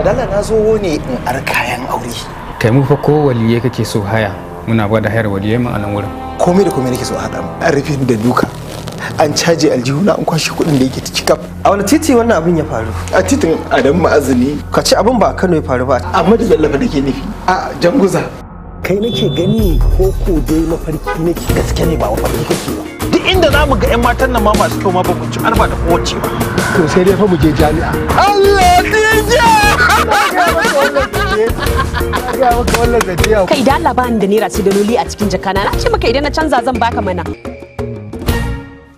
lafiya dala na zo ne in ar kayan aure kai mu fa ko waliye kake so haya muna ba da hayar waliye mu a nan wurin komai da komai nake so haɗa mu an rufe da duka an caje aljihuna an kwashe kuɗin da yake ciki kaf a wani titi wannan abin ya faru a titin adam ma'azini ka ce abin ba a kano ya faru ba a madadin lafa da ke nufi a janguza kai nake gani ko ko dai mafarki nake gaske ne ba mafarki kake ba duk inda za mu ga 'yan matan nan ma masu kyau ma ba ku ci arba da kowace ba to sai dai fa mu je jami'a Allah ya Kai da Allah bani da naira sai daloli a cikin jakana na ce maka idan na canza zan baka mana.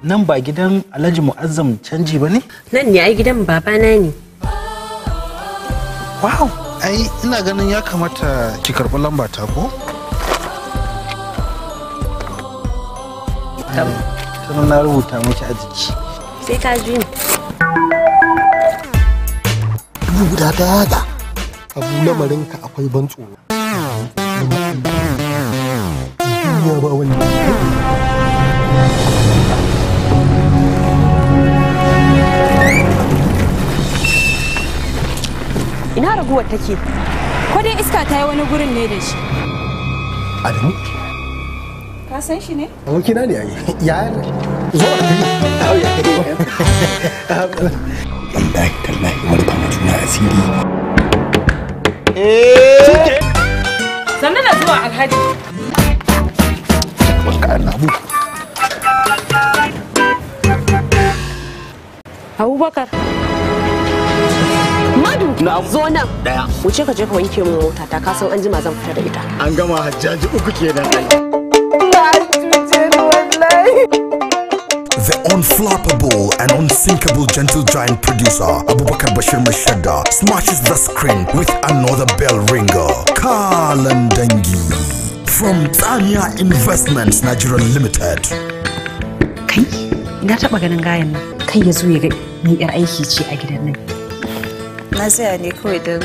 Nan ba gidan Alhaji Mu'azzam canji ba ne? Nan ne ai gidan babana ne. Wow, ai ina ganin ya kamata ki karɓi lamba ta ko? Tam. Tunan na rubuta miki a jiki. Sai ka ji ni. abu guda daya da abu lamarinka akwai ban tsoro ina raguwar take ko dai iska ta yi wani gurin ne da shi adamu ka san shi ne abokina ne yayi yaya zo a kai yi asiri eh. sannu da zuwa alhaji abubakar madu zo nan daya wuce ka je ka wanke min mota ta kasan an jima zan fita da ita an gama hajjaji uku kenan ai the unflappable and unsinkable gentle giant producer Abubakar Bashir Mashada smashes the screen with another bell ringer, Kalandangi, from Tanya Investments Nigeria Limited. Kai, ina taɓa ganin gayan nan. Kai ya zo ya ga ni 'yar aiki ce a gidan nan. Na tsaya ne kawai don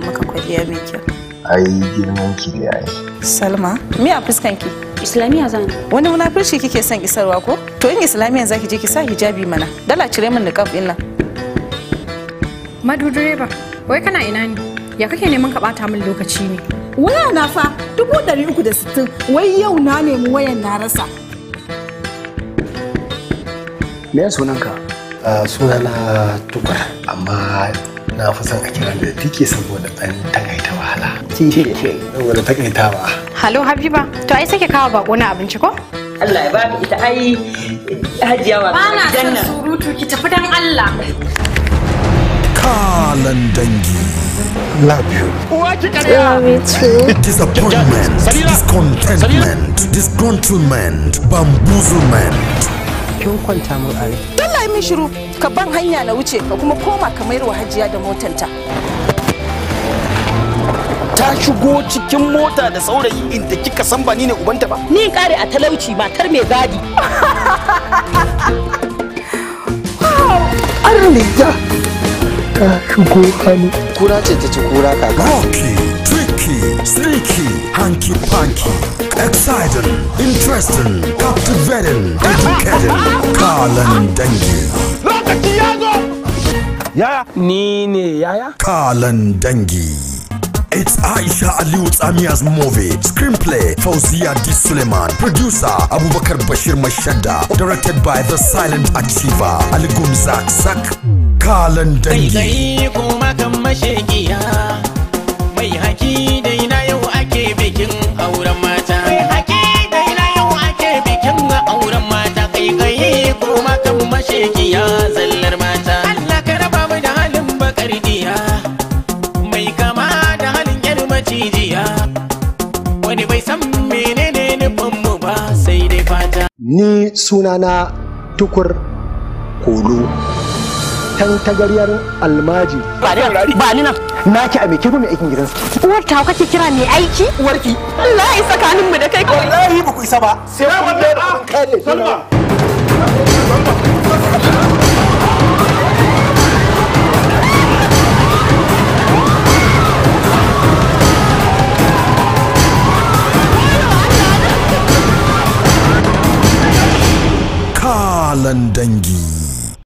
maka kwaliya mai girman ki da Salma, mi a fuskanki? Islamiyya zan. Wani munafurci kike son isarwa ko? to in islamiyan zaki je ki sa hijabi mana dala cire min niqab din nan madu direba wai kana ina ne ya kake neman ka bata min lokaci ne waya na fa dubu uku da sittin wai yau na nemi wayan na rasa me sunanka sunana tukar amma na fi son a kira da tike saboda an takaita wahala tike saboda takaitawa halo habiba to ai sake kawo bako na abinci ko Allah ya ba ita ai hajiya wa ba na surutu ki tafi dan Allah kalan dangi love you disappointment discontentment disgruntlement bamboozlement kin kwanta mun are dalla min shiru ka ban hanya na wuce ka kuma koma ka mayar wa hajiya da motanta ta shigo cikin mota da saurayi inda kika san ba ni ne ubanta ba ni kare a talauci matar mai gadi an riga ka shigo hannu kura ce ta ci kura kaka rocky tricky sneaky hanky panky exciting interesting captivating educating kalan dangi lokaci ya zo yaya ni ne yaya kalan dangi It's Aisha Aliyu Tsamiya's movie. Screenplay Fauzia D. Suleiman. Producer Abubakar Bashir Mashada Directed by The Silent Achiever Ali Gumzak zak Kalan Dangi. ake bikin auren mata. mata. Kai kai san menene mu ba sai dai fata. Ni sunana tukur kolo. Tan tagaryar almaji. Ba ni nan. Na ki a mai kirfi mai aikin gidansa. Uwar ta kake kira mai aiki? Uwarki. Allah ya mu da kai. Wallahi ba ku isa ba. Sai kun da kun kare. Salma. Ousmane